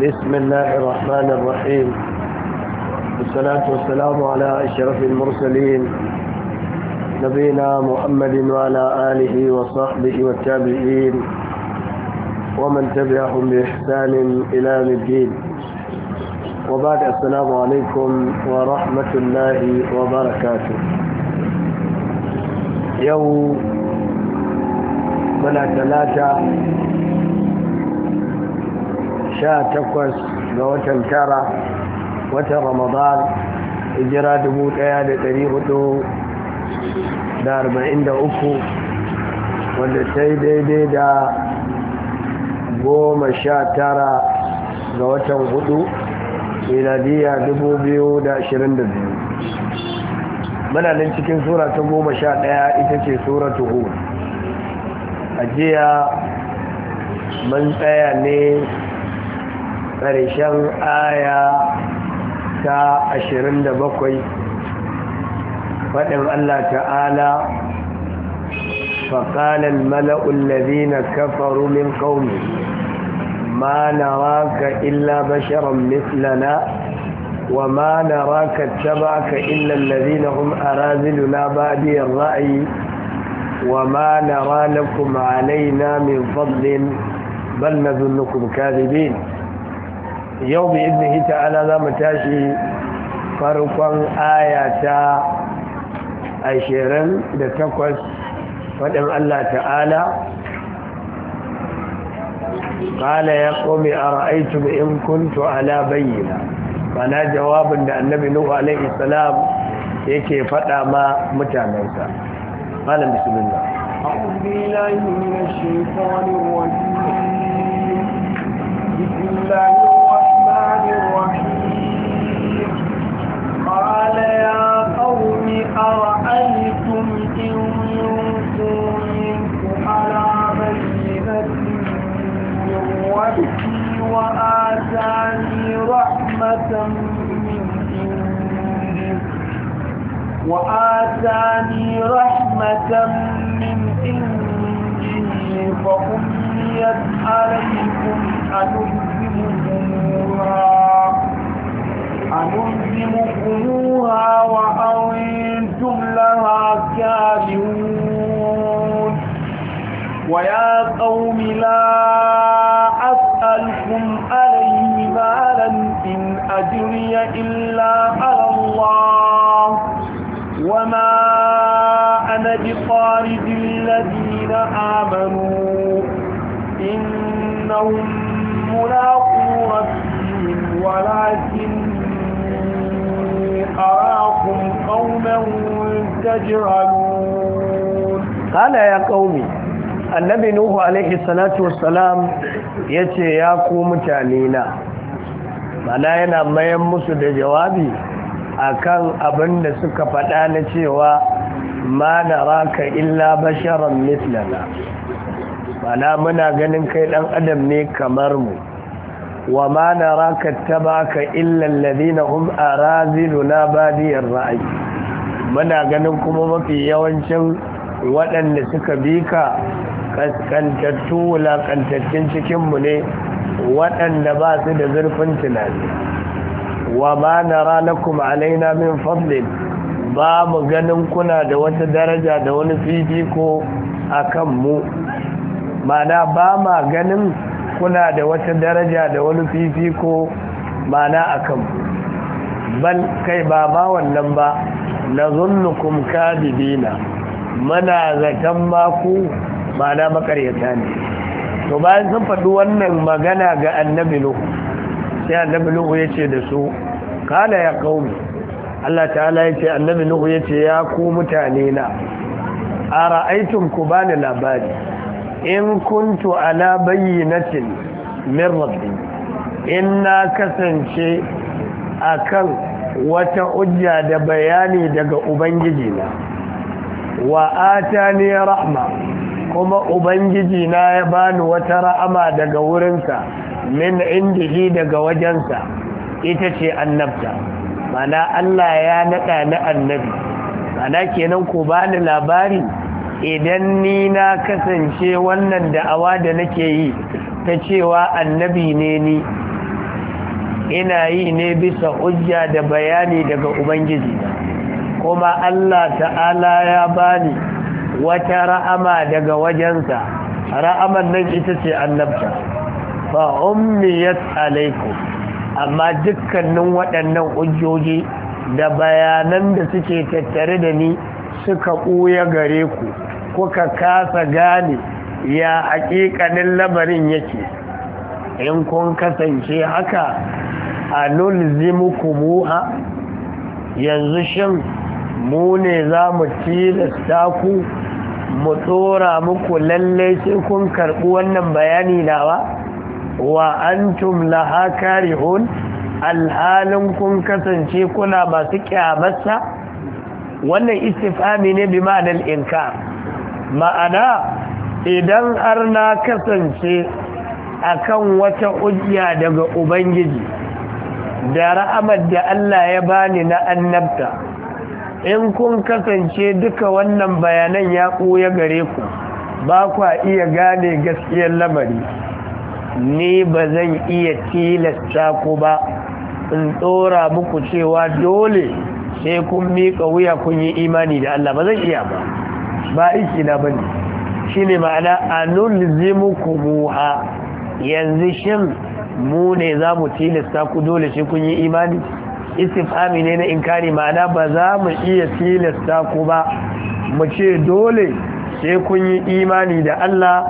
بسم الله الرحمن الرحيم والصلاة والسلام على أشرف المرسلين نبينا محمد وعلى آله وصحبه والتابعين ومن تبعهم بإحسان إلى الدين وبعد السلام عليكم ورحمة الله وبركاته يوم من ثلاثة sha takwas ga watan tara watan ramadan hijira dubu ɗaya da ɗari hudu da arba'in da uku wanda ta yi daidai da goma sha tara ga watan hudu miladiya dubu biyu da ashirin da biyu muna nan cikin sura ta goma sha ɗaya ita ce sura ta Ajiya a mun tsaya ne ƙarshen aya ta ashirin da bakwai faɗin Allah ta'ala فقال الملأ الذين كفروا من قومه ما نراك إلا بشرا مثلنا وما نراك اتبعك إلا الذين هم أراذلنا بادي الرأي وما نرى لكم علينا من فضل بل نظنكم كاذبين yau bi izini ta'ala za mu tashi farkon ayata ashirin da takwas faɗin Allah ta'ala ƙala ya ƙomi a ra'aitu in kuntu ala bayyana mana jawabin da annabi nuhu alaihi salam yake faɗa ma mutanensa ƙala bismillah أعوذ بالله من الشيطان الرجيم بسم yi. قال يا قوم أرأيتم إن ربي وآتاني رحمة من إنجه فأميت عليكم من عنده أنلزمكموها وأنتم لها كارهون ويا قوم لا أسألكم عليه مالا إن أجري إلا على الله وما أنا بطارد الذين آمنوا إنهم ملاقوا ربهم ولكن أراكم قوما تجهلون قال يا قومي النبي نوح عليه الصلاة والسلام يتي يا قوم mana yana mayan musu da jawabi kan abin da suka faɗa na cewa ma na raka illa basharan mitlana mana muna ganin kai ɗan adam ne kamar mu wa ma ka tabaka illa alladhina hum na badiyar ra'ayi muna ganin kuma mafi yawancin waɗanda suka bi ka kaskantattu wulaƙantattun cikinmu ne waɗanda ba su da zurfin tunani wa ma kuma alaina min fadlin ba mu ganin kuna da wata daraja da wani fifiko a kanmu mana ba ma ganin kuna da wata daraja da wani fifiko mana a kan bal kai ba ma wannan ba na zunnukum kadibina mana zaton maku mana makaryata ne to bayan sun faɗi wannan magana ga annabi nuhu sai annabi nuhu ya ce da su kala ya kaumi Allah ta'ala ya ce annabi nuhu ya ce ya ku mutane na a ra'aitun ku bani labari in kuntu ala bayyinatin min rabbi in na kasance akan wata ujja da bayani daga ubangiji na wa atani rahma kuma ubangiji na ya bani wata rahama daga wurinsa min indihi daga wajensa ita ce annabta mana Allah ya naɗa ni annabi mana kenan ku bani labari idan ni na kasance wannan da'awa da nake yi ta cewa annabi ne ni ina yi ne bisa ujja da bayani daga ubangiji kuma Allah ta'ala ya bani wata ra'ama daga wajensa ra'aman nan ita ce annabta fa ummiyat alaikum amma dukkanin waɗannan ujjoji, da bayanan da suke tattare da ni suka ɓuya gare ku kuka kasa gane ya hakikanin labarin yake in kun kasance haka a nulzimukumuha yanzu shin mu ne za mu tilasta ku mu tsora muku lallai sai kun karɓi wannan bayani nawa wa antum laha hakarihun alhalin kun kasance kuna masu kyamarsa wannan istifami ne bi ma'anar inkar ma'ana idan har na kasance akan wata ujiya daga ubangiji da ra'amar da Allah ya bani na annabta in kun kasance duka wannan bayanan ya ya gare ku ba kwa iya gane gaskiyar lamari ni ba zan iya tilasta ku ba in tsora muku cewa dole sai kun miƙa wuya kun yi imani da Allah ba zan iya ba ba aiki na shi ne ma'ana anulzimukumuha yanzu shin mu ne za mu tilasta ku dole shi kun yi imani istifami ne na inkari ma'ana ba za mu iya tilasta ku ba mu ce dole sai kun yi imani da Allah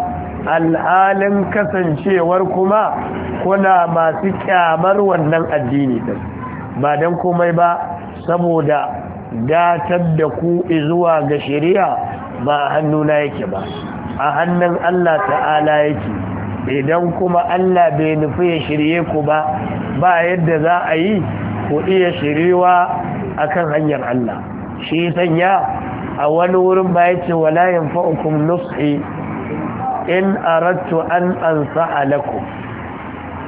al'alin kasancewar kuma kuna masu kyamar wannan addini din ba don komai ba saboda datar da ku zuwa ga shari'a ba a hannuna yake ba a hannun Allah ta'ala yake idan kuma Allah bai nufi ya shirye ku ba ba yadda za a yi ku iya shiriwa akan hanyar Allah shi sanya a wani wurin ba ya ce wala fa’ukun nufi in ratu an ansaha lakum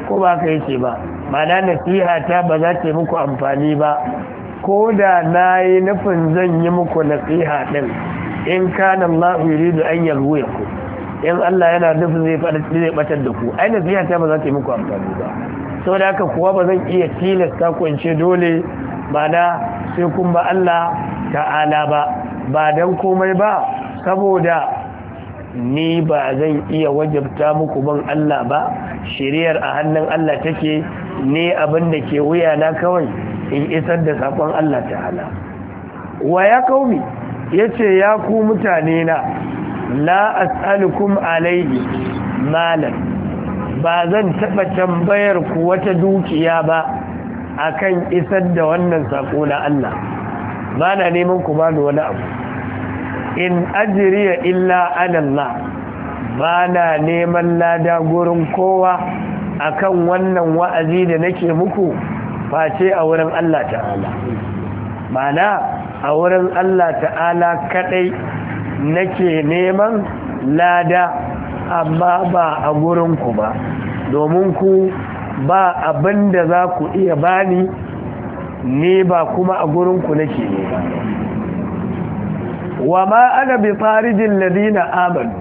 ko ba ka yake ba mana nasiha ta ba za ta muku amfani ba ko da na yi nufin zan yi muku nasiha ɗin in kana Allah yuridu an yaghwiyakum in Allah yana nufin zai zai batar da ku ai nasiha ta ba za ta yi muku amfani ba saboda haka kuwa ba zan iya tilasta ku in ce dole mana sai kun ba Allah ta'ala ba ba dan komai ba saboda ni ba zan iya wajabta muku ban Allah ba shiriyar a hannun Allah take ne abin da ke wuya na kawai in isar da sakon Allah ta'ala wa ya kaumi ya ce ya ku mutane na la as'alukum alaihi malan ba zan taɓa tambayar ku wata dukiya ba akan isar da wannan saƙo na Allah ba na neman ku ba wani abu in ajiriya illa alallah ba na neman lada gurin kowa akan wannan wa'azi da nake muku face a wurin Allah ta'ala mana a wurin Allah ta'ala kaɗai nake neman lada amma ba a gurinku ba domin ku ba abinda za ku iya bani ne ba kuma a gurinku nake ba wa ma ana bi farijin ladina amanu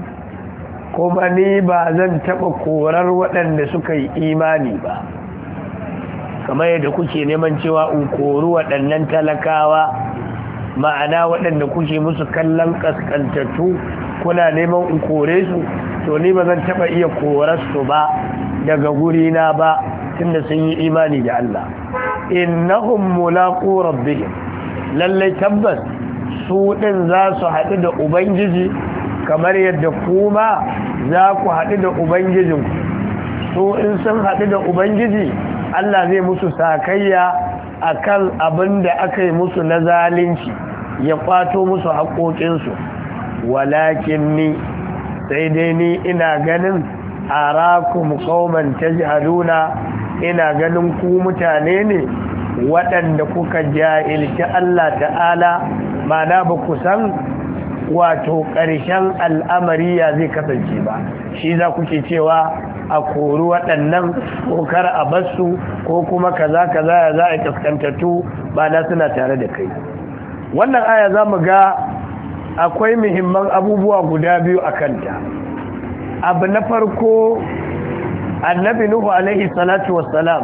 kuma ni ba zan taɓa korar waɗanda suka yi imani ba kamar yadda kuke neman cewa in kori waɗannan talakawa ma'ana waɗanda kuke musu kallon ƙasƙantattu kuna neman in kore su to ni ba zan taɓa iya su ba daga gurina ba tunda sun yi imani da Allah innahum mulaqu rabbihim lallai tabbas su din za su haɗu da ubangiji kamar yadda kuma za ku haɗu da ubangijinku su in sun haɗu da ubangiji Allah zai musu sakayya akan abin da aka yi musu na zalunci ya kwato musu haƙoƙinsu walakin ni sai dai ni ina ganin arakum qauman tajhaluna ina ganin ku mutane ne waɗanda kuka jahilci Allah ta'ala mana ba ku san wato ƙarshen al'amari ya zai kasance ba shi za ku kuke cewa a kori waɗannan ko kar a basu ko kuma kaza kaza ya za a kaskantattu ba na suna tare da kai wannan aya za mu ga akwai muhimman abubuwa guda biyu a kanta abu na farko annabi nuhu alaihi salatu wassalam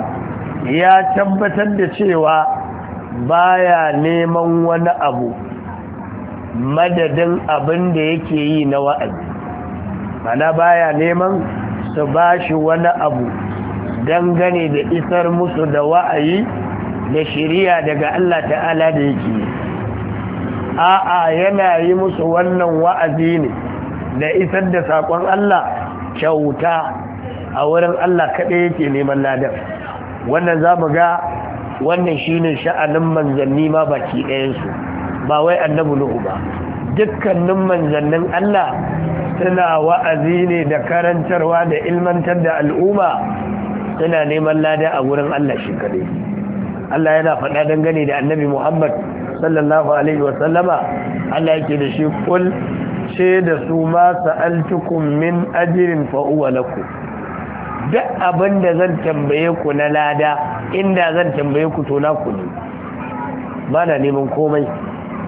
ya tabbatar da cewa baya neman wani abu madadin abin da yake yi na wa'azi mana baya neman su ba shi wani abu dangane da isar musu da wa'ayi da shirya daga Allah ta'ala da yake a'a yana yi musu wannan wa'azi ne da isar da saƙon Allah kyauta a wurin Allah kaɗai yake neman ladar. wannan za mu ga wannan shi ne sha'anin manzanni ma baki ɗayansu ba wai annabu nuhu ba dukkanin manzannin Allah suna wa'azi ne da karantarwa da ilmantar da al'umma suna neman lada a wurin Allah shi Allah yana faɗa dangane da annabi Muhammad sallallahu alaihi wa sallama Allah yake da shi kul ce da su ma sa'altukum min ajrin fa huwa lakum duk abin da zan tambaye ku na lada inda zan tambaye ku tona ku ne ba na neman komai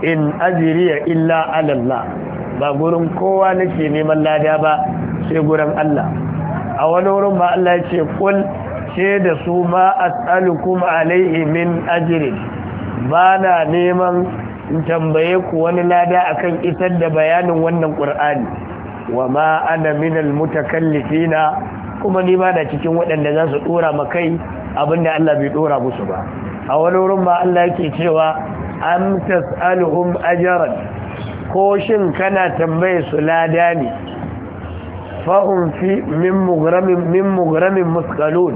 in ajriya illa Allah ba gurin kowa nake neman lada ba sai gurin Allah a wani wurin ba Allah ce kul ce da su ma as'alukum alaihi min ajri ba na neman in tambaye ku wani lada akan isar da bayanin wannan qur'ani wa ma ana minal almutakallifina kuma ni ba da cikin waɗanda za su dora makai abinda Allah bai dora musu ba a wani wurin ba Allah yake cewa am tas'aluhum ajran ko shin kana tambaye su lada ne fa'un fi min mugramin muskalun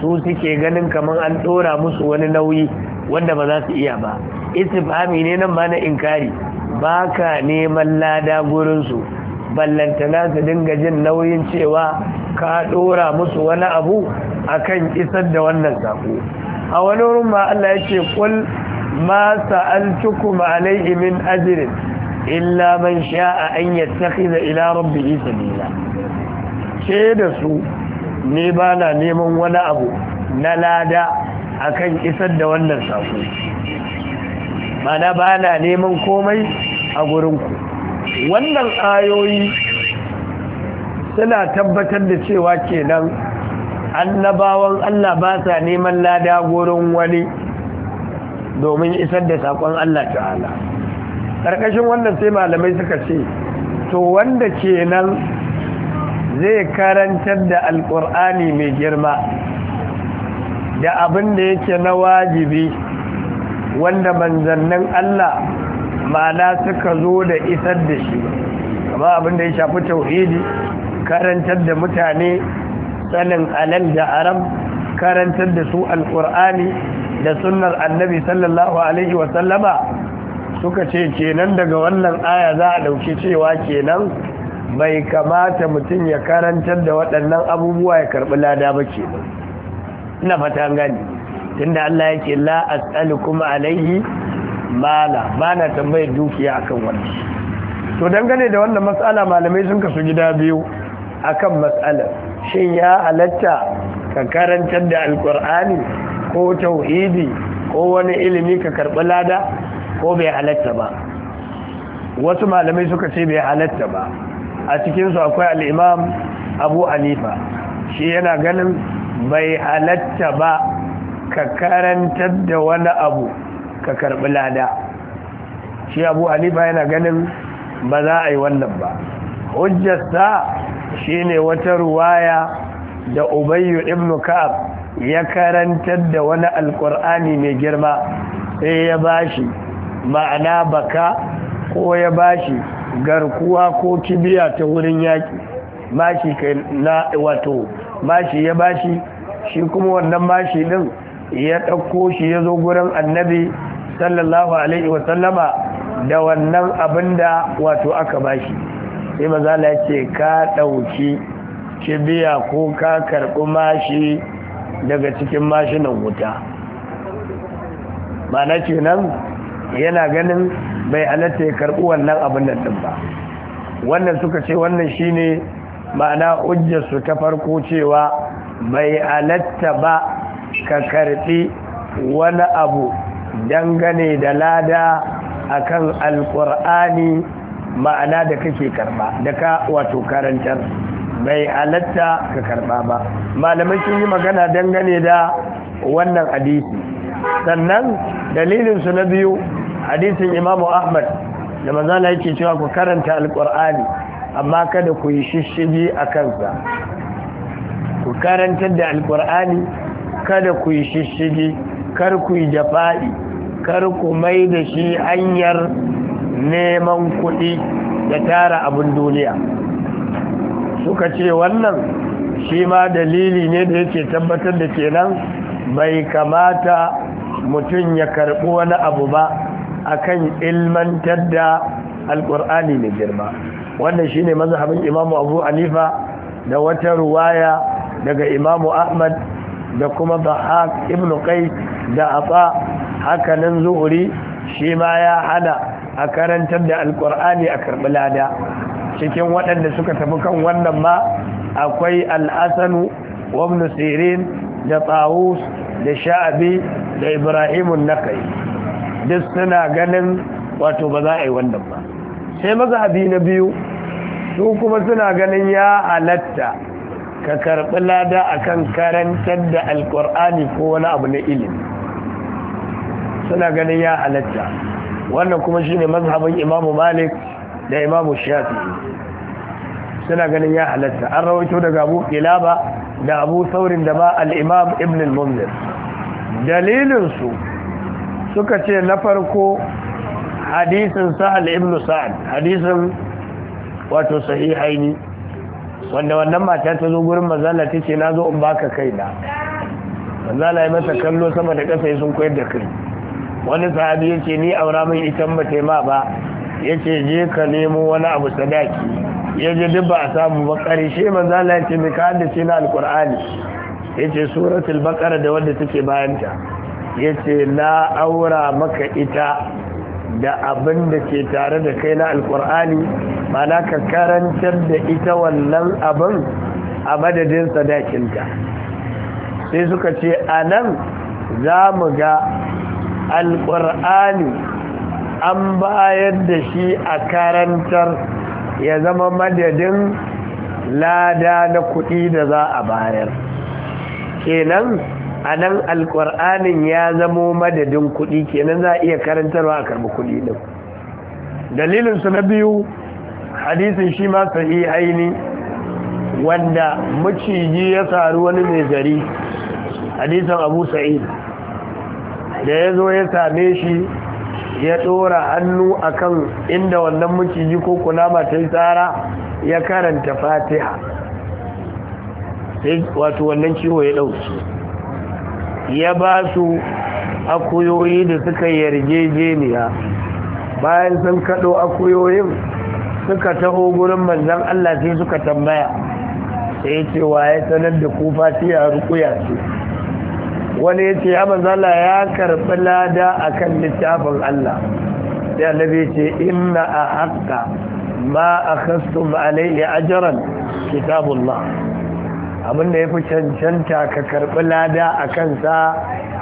su suke ganin kamar an ɗora musu wani nauyi wanda ba za su iya ba istifami ne nan ba na inkari ba ka neman lada gurinsu ballantana su dinga jin nauyin cewa ka ɗora musu wani abu a kan isar da wannan sako a wani wurin ma Allah ya ce kul ma sa'altukum ma'alai min ajrin illa man sha'a an yattakhidha ila rabbihi sabila ce da su ne bana neman wani abu na lada akan isar da wannan sako mana bana neman komai a gurinku wannan ayoyi suna tabbatar da cewa kenan annabawan Allah ba sa neman lada gurin wani domin isar da sakon Allah ta'ala ƙarƙashin wannan sai malamai suka ce to wanda kenan zai karantar da alƙur'ani mai girma da abin da yake na wajibi wanda manzannin Allah ma'ana suka zo da isar da shi kama abin da ya shafi tauhidi karantar da mutane sanin alal da aram karantar da su alƙur'ani da sunnar annabi sallallahu alaihi wasallama suka ce kenan daga wannan aya za a ɗauki cewa kenan bai kamata mutum ya karantar da waɗannan abubuwa ya karɓi lada ba ke ina fata gani tunda Allah yake la as'alukum alaihi mala bana tambayar dukiya akan wannan to dangane da wannan mas'ala malamai sun kasu gida biyu akan mas'alar shin ya halatta ka karantar da alkur'ani ko tauhidi ko wani ilimi ka karɓi lada ko bai halatta ba wasu malamai suka ce bai halatta ba a cikinsu akwai al'imam abu hanifa shi yana ganin bai halatta ba ka karantar da wani abu ka karɓi lada shi abu yana ganin ba za a yi wannan ba hujjasta shi ne wata ruwaya da ubayyu ibn ka'ab ya karantar da wani alkur'ani mai girma sai ya bashi ma'ana baka ko ya bashi garkuwa ko kibiya ta wurin yaƙi mashi na wato mashi ya bashi shi kuma wannan mashi din ya ɗauko shi ya zo gurin annabi sallallahu alaihi wasallama da wannan abin da wato aka bashi sai mazala ya ce ka ɗauki kibiya ko ka karɓi mashi daga cikin mashinan wuta ma'ana nan? yana ganin bai alatta ya karɓi wannan abin da ɗin ba wannan suka ce wannan shine ma'ana su ta farko cewa bai alatta ba ka karɓi wani abu dangane da lada akan alkur'ani ma'ana da kake karɓa. da ka wato karantar bai alatta ka karɓa ba malamai sun yi magana dangane da wannan hadisi sannan dalilinsu na biyu hadisin imamu ahmad da mazala yake cewa ku karanta alkur'ani amma kada ku yi shishigi a kansa ku karantar da alkur'ani kada ku yi shishigi kar ku yi jafa'i kar ku mai da shi hanyar neman kuɗi da tara abin duniya suka ce wannan shi ma dalili ne da yake tabbatar da kenan bai kamata mutum ya karɓi wani abu ba akan ilmantar da alkur'ani mai girma wannan shine mazhabin imamu abu hanifa da wata ruwaya daga imamu ahmad da kuma bahaq ibn qais da afa hakanan zuhuri shi ma ya hana a karantar da alkur'ani a karɓi lada cikin waɗanda suka tafi kan wannan ma akwai al'asanu wabnu sirin da tsawus da sha'abi da ibrahimun nakai duk suna ganin wato ba za a yi wannan ba sai mazhabi na biyu su kuma suna ganin ya halatta ka karɓi lada akan karantar da alƙur'ani ko wani abu na ilimi suna ganin ya halatta wannan kuma shine mazhabin imamu malik da imamu Shafi suna ganin ya halatta an rawaito daga abu ƙilaba da abu saurin da ba al'imam ibn al-munzir dalilinsu suka ce na farko hadisin sa'al ibn sa'ad hadisin wato sahihaini wanda wannan mata ta zo gurin mazala ta ce na zo in baka na mazala ya masa kallo sama da ƙasa sun koyar da kai wani sahabi ya ce ni aura ramin itan ba ma ba ya ce je ka nemo wani abu sadaki ya je duk ba a samu ba ƙarshe mazala ya ce mai ka haddace na alƙur'ani ya ce suratul baƙara da wadda take bayanta ya ce na aura maka ita da abin da ke tare da kai na alkur'ani mana ka karantar da ita wannan abin a madadin sadakinta sai suka ce a nan za mu ga alkur'ani an bayar da shi a karantar ya zama madadin lada na kudi da za a bayar kenan a nan alƙwar'anin ya zamo madadin kuɗi kenan za a iya karantarwa a karɓi kuɗi ɗin dalilinsu na biyu hadisin shi ma sahi aini wanda maciji ya saru wani mai gari hadisin abu sa'id da ya zo ya same shi ya ɗora hannu akan inda wannan maciji ko kunama ta yi tsara ya karanta fatiha wato wannan ciwo ya ɗauki ya ba su akuyoyi da suka yarjejeniya bayan sun kaɗo akuyoyin suka taho gurin manzan Allah sai suka tambaya sai ce wa ya sanar da ku ya rukuya ce wani ya ce ya manzala ya karɓi lada a kan littafin Allah sai labe ce inna a haƙƙa ma a ya ajiyar kitabun kitabullah Abin da ya fi cancanta ka karɓi lada a kansa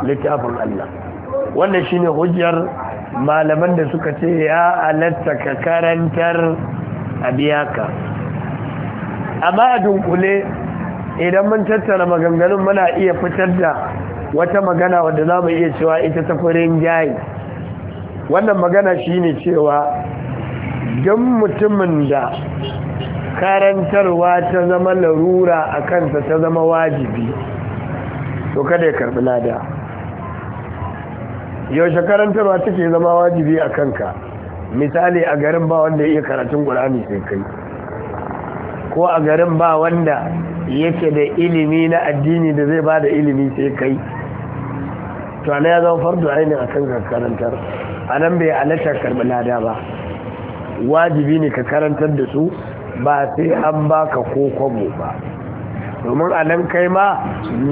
littafin Allah Wanda shi ne hujjar malaman da suka ce ya alatta ka karantar a biyaka amma a dunkule idan mun tattara maganganun muna iya fitar da wata magana wadda za mu iya cewa ita ta kurin jayi wannan magana shi ne cewa don mutumin da karantarwa ta zama larura a kansa ta zama wajibi to kada ya karbi lada yaushe karantarwa take zama wajibi a kanka misali a garin ba wanda ya iya karatun ƙulani sai kai ko a garin ba wanda yake da ilimi na addini da zai ba da ilimi sai kai to ana ya zama fardu ainihin a kan karantar a nan bai alatar karbi lada ba wajibi ne ka karantar da su ba sai an baka ko kwabo ba domin a nan kai ma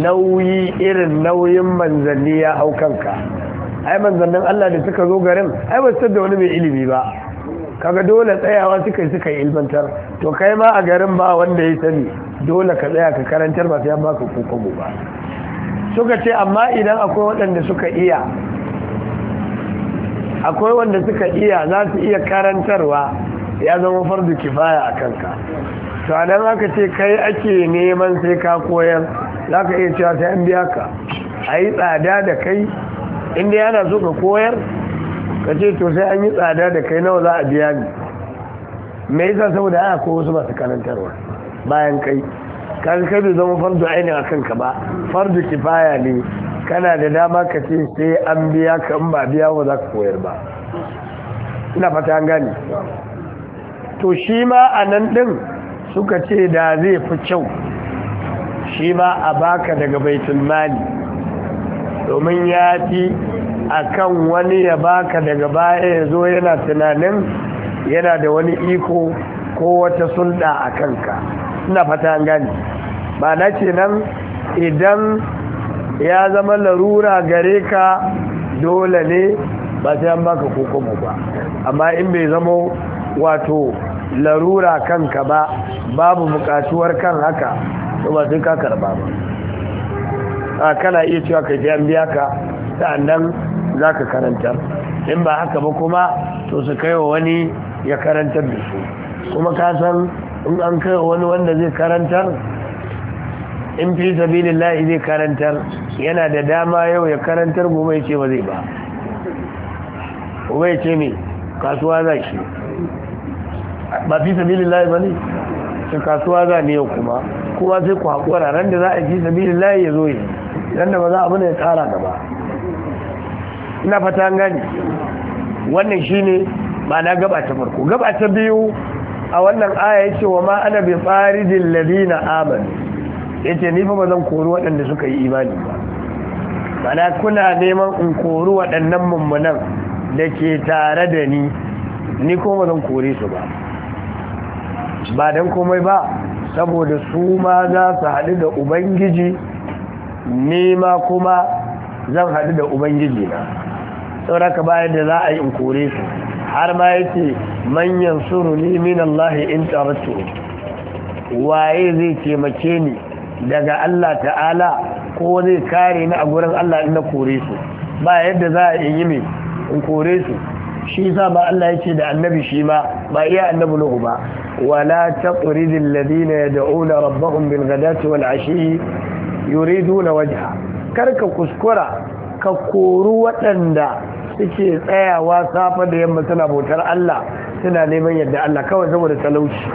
nauyi irin nauyin manzanni ya hau kanka ai manzannin Allah da suka zo garin ai ba su da wani mai ilimi ba kaga dole tsayawa suka yi suka ilmantar to kai ma a garin ba wanda ya sani dole ka tsaya ka karantar ba sai an baka ko kwabo ba suka ce amma idan akwai waɗanda suka iya akwai wanda suka iya za su iya karantarwa ya zama fardu kifaya a kanka to a nan aka ce kai ake neman sai ka koyar za ka iya cewa sai an biya ka a yi tsada da kai inda yana so ka koyar ka ce to sai an yi tsada da kai nawa za a biya ni me yasa saboda aka ko wasu masu karantarwa bayan kai kan kai bai zama fardu ainihin a kanka ba fardu kifaya ne kana da dama ka ce sai an biya ka in ba biya wa za ka koyar ba ina fata an gane to shi ma a nan ɗin suka ce da zai fi kyau shi ma a baka daga baitul mali domin ya fi a wani ya baka daga baya ya zo yana tunanin yana da wani iko ko wata sulɗa a kanka ina fata an gani ba na ce nan idan ya zama larura gare ka dole ne ba sai an baka kokobo ba amma in bai zama wato larura kanka ba babu bukatuwar kan haka to ba sai ka karba ba a kana iya cewa kai an biya ka sa'annan za ka karantar in ba haka ba kuma to su kai wa wani ya karantar da su kuma ka san in an kai wa wani wanda zai karantar in fi sabilillahi zai karantar yana da dama yau ya karantar gobe ya ce ba zai ba gobe ya ce me kasuwa za shi ba fi sabilillahi bane shi kasuwa za ne yau kuma kuma sai ku haƙura ran da za a fi sabilillahi ya zo yi ran da ba za abin ya tsara gaba ina fata an gani wannan shine ma'ana gaba ta farko gaba ta biyu a wannan aya yace wa ma ana bi faridil ladina amanu yace ni fa ba zan kori waɗanda suka yi imani ba mana kuna neman in kori waɗannan mummunan da ke tare da ni ni kuma ba zan kore su ba ba dan komai ba saboda su ma za su haɗu da ubangiji nema kuma zan haɗu da ubangiji na sauraka bayan da za a yi in kore su har ma yake manyan suru ni min Allah in tarattu waye zai taimake ni daga Allah ta'ala ko zai kare ni a gurin Allah in na kore su ba yadda za a yi mai in kore su shi sa ba Allah yake da annabi shi ma ba iya annabi Nuhu ba ولا تطرد الذين يدعون ربهم بالغداة والعشي يريدون وجهه كرك كسكرة كقورو وتندى suke tsayawa safa da yamma suna bautar Allah suna neman yadda Allah kawai saboda talauci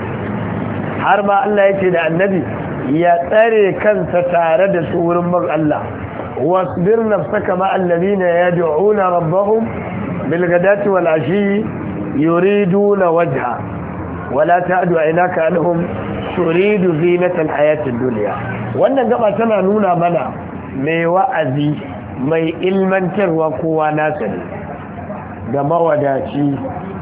har ma Allah ya ce da annabi ya tsare kansa tare da su wurin bin Allah wasbir nafsaka ma alladhina yad'una rabbahum bil ghadati wal ashi yuriduna wajha wala ta'du aynaka anhum turidu zinatal hayatid dunya wannan gaba tana nuna mana mai wa'azi mai ilmantarwa kowa nasa ne da mawadaci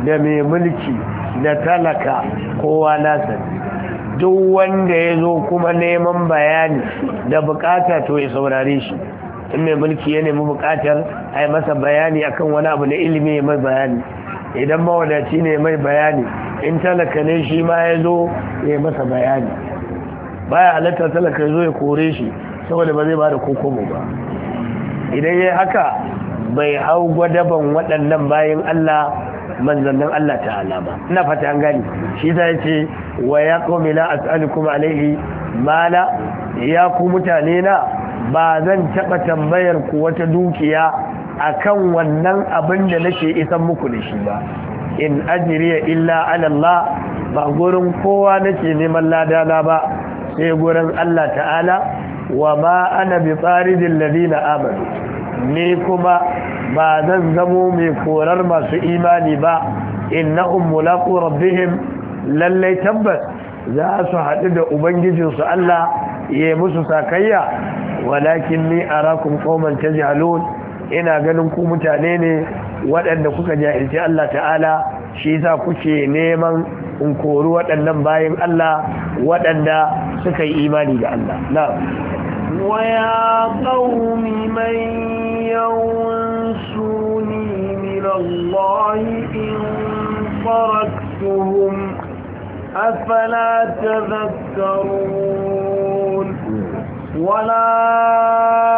da mai mulki da talaka kowa nasa ne duk wanda ya zo kuma neman bayani da bukata to ya saurare shi in mai mulki ya nemi bukatar a yi masa bayani akan wani abu na ilimi mai bayani idan mawadaci ne mai bayani in talaka ne shi ma ya zo ya masa bayani baya halatta talaka ya zo ya kore shi saboda ba zai ba da kokomo ba idan ya haka bai hau gwadaban waɗannan bayan Allah manzannin Allah ta'ala ba ina fata an gani shi ta ce wa ya na kuma as'alukum alayhi mala ya ku mutane na ba zan taba tambayar ku wata dukiya akan wannan abin da nake isan muku da shi ba in ajiriya illa alallah ba gurin kowa nake neman ladana ba sai gurin Allah ta'ala wa ma ana bi tsaridin ladina amanu ni kuma ba zan zamo mai korar masu imani ba na mulaqu rabbihim lallai tabbas za su haɗu da ubangijinsu Allah ya musu sakayya walakin ni arakum qauman tajhalun ina ganin ku mutane ne waɗanda kuka jahilci Allah ta'ala shi yasa kuke neman in kori waɗannan bayan Allah waɗanda suka yi imani ga Allah na'am suni قوم من ينسوني من الله إن تركتهم أفلا تذكرون wala.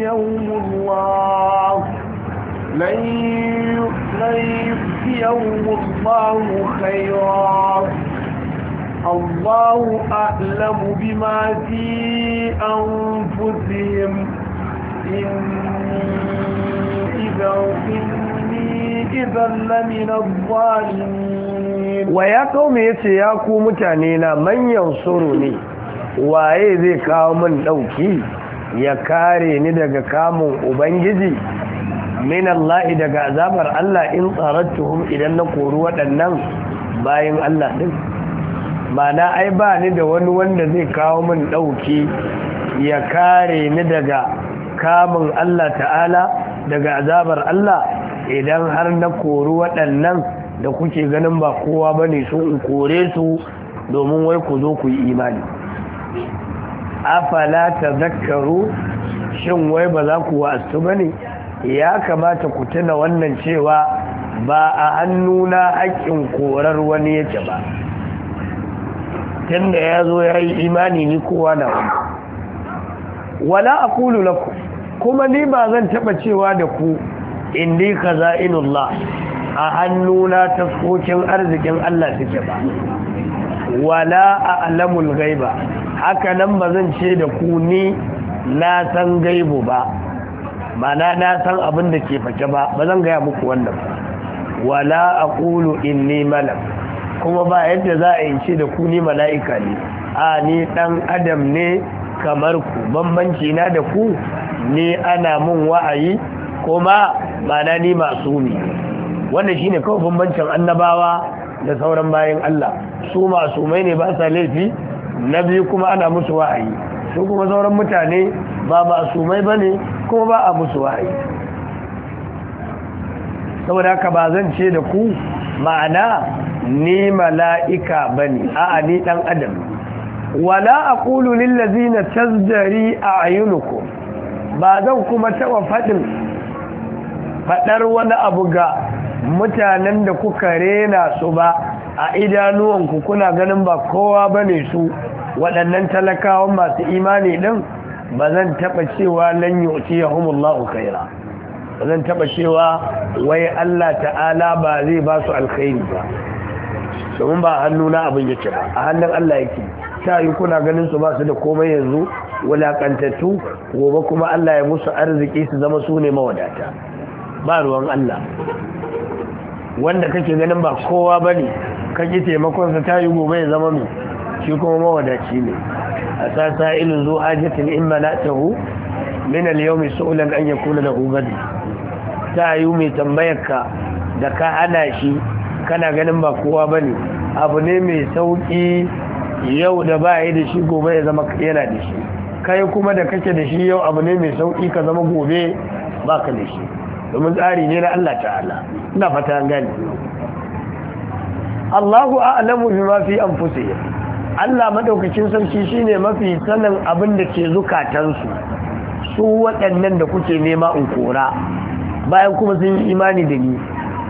يوم الله لن يؤتي wa ya kawo mai ya ku mutane na manyan tsoro ne waye zai kawo min ɗauki? ya kare ni daga kamun ubangiji min Allah daga azabar Allah in tsarattuhum idan na kori waɗannan bayan Allah din mana ai ba ni da wani wanda zai kawo min ɗauki ya kare ni daga kamun Allah ta'ala daga azabar Allah idan har na kori waɗannan da kuke ganin ba kowa ba ne sun kore su domin wai ku zo ku yi imani afala zakaru shin wai ba za ku wasu bane ya kamata ku tuna wannan cewa ba a hannuna haƙƙin korar wani yake ba tunda ya zo ya yi imani ni kowa na wani wala a kulu ku kuma ni ba zan taɓa cewa da ku indi kaza inullah a hannuna taskokin arzikin Allah suke ba wala a alamul gaiba haka nan ba zan ce da ku ni na san gaibu ba mana na san abin da ke fake ba ba zan gaya muku wannan wala aqulu inni malak kuma ba yadda za a yi ce da ku ni mala'ika ne a ni dan adam ne kamar ku bambanci na da ku ne ana mun wa'ayi kuma mana ni masumi wannan shine kawai bambancin annabawa da sauran bayan Allah su masumai ne ba sa laifi na biyu kuma ana musu wa'ayi su kuma sauran mutane ba mai ba ne kuma ba a musu wa'ayi saboda haka ba zan ce da ku ma'ana ni mala'ika ba ne a'a ni ɗan adam wala a ƙulu lillazi na tazdari a ayyunuku ba zan kuma taɓa faɗin faɗar wani abu ga mutanen da kuka rena su ba a idanuwanku kuna ganin ba kowa ba ne su waɗannan talakawan masu imani ɗin ba zan taɓa cewa lan yi uci ya humullahu kaira ba zan taɓa cewa wai Allah ta'ala ba zai ba su alkhairi ba domin ba a hannuna abin yake ba a hannun Allah yake ta yi kuna ganin su ba su da komai yanzu wulaƙantattu gobe kuma Allah ya musu arziki su zama su ne mawadata ba ruwan Allah wanda kake ganin ba kowa ba ne kake taimakonsa ta yi gobe ya zama mai shi kuma mawadaci ne a sa zuwa zo hajjatin in malatahu min al mai sa'ulan an kula da gadi ta yi mai tambayarka da ka ana shi kana ganin ba kowa ba ne. abu ne mai sauki yau da ba yi da shi gobe ya zama yana da shi kai kuma da kake da shi yau abu ne mai sauki ka zama gobe ba ka da shi domin tsari ne na Allah ta'ala ina fata an gani Allahu a'lamu bima fi anfusihim Allah madaukakin sarki shine mafi sanin abin da ke zukatansu su waɗannan da kuke nema in kora bayan kuma sun yi imani da ni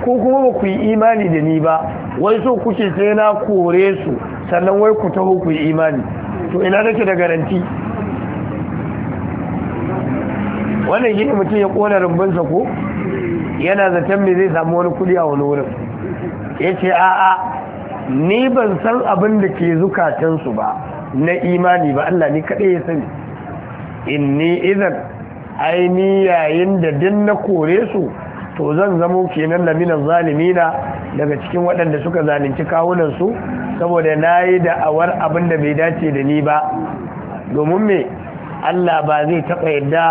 ko kuma ba ku yi imani da ni ba wai so kuke sai na kore su sannan wai ku taho ku yi imani to ina nake da garanti wannan gini mutum ya kona rumbunsa ko yana zaton me zai samu wani kuɗi a wani wurin ya ce a'a ni ban san abin da ke zukatansu ba na imani ba Allah ni kaɗai ya sani inni idan aini yayin da din na kore su to zan zamo kenan laminan zalimina daga cikin waɗanda suka zalunci kawunansu saboda na yi da'awar abin da bai dace da ni ba domin me Allah ba zai taɓa yadda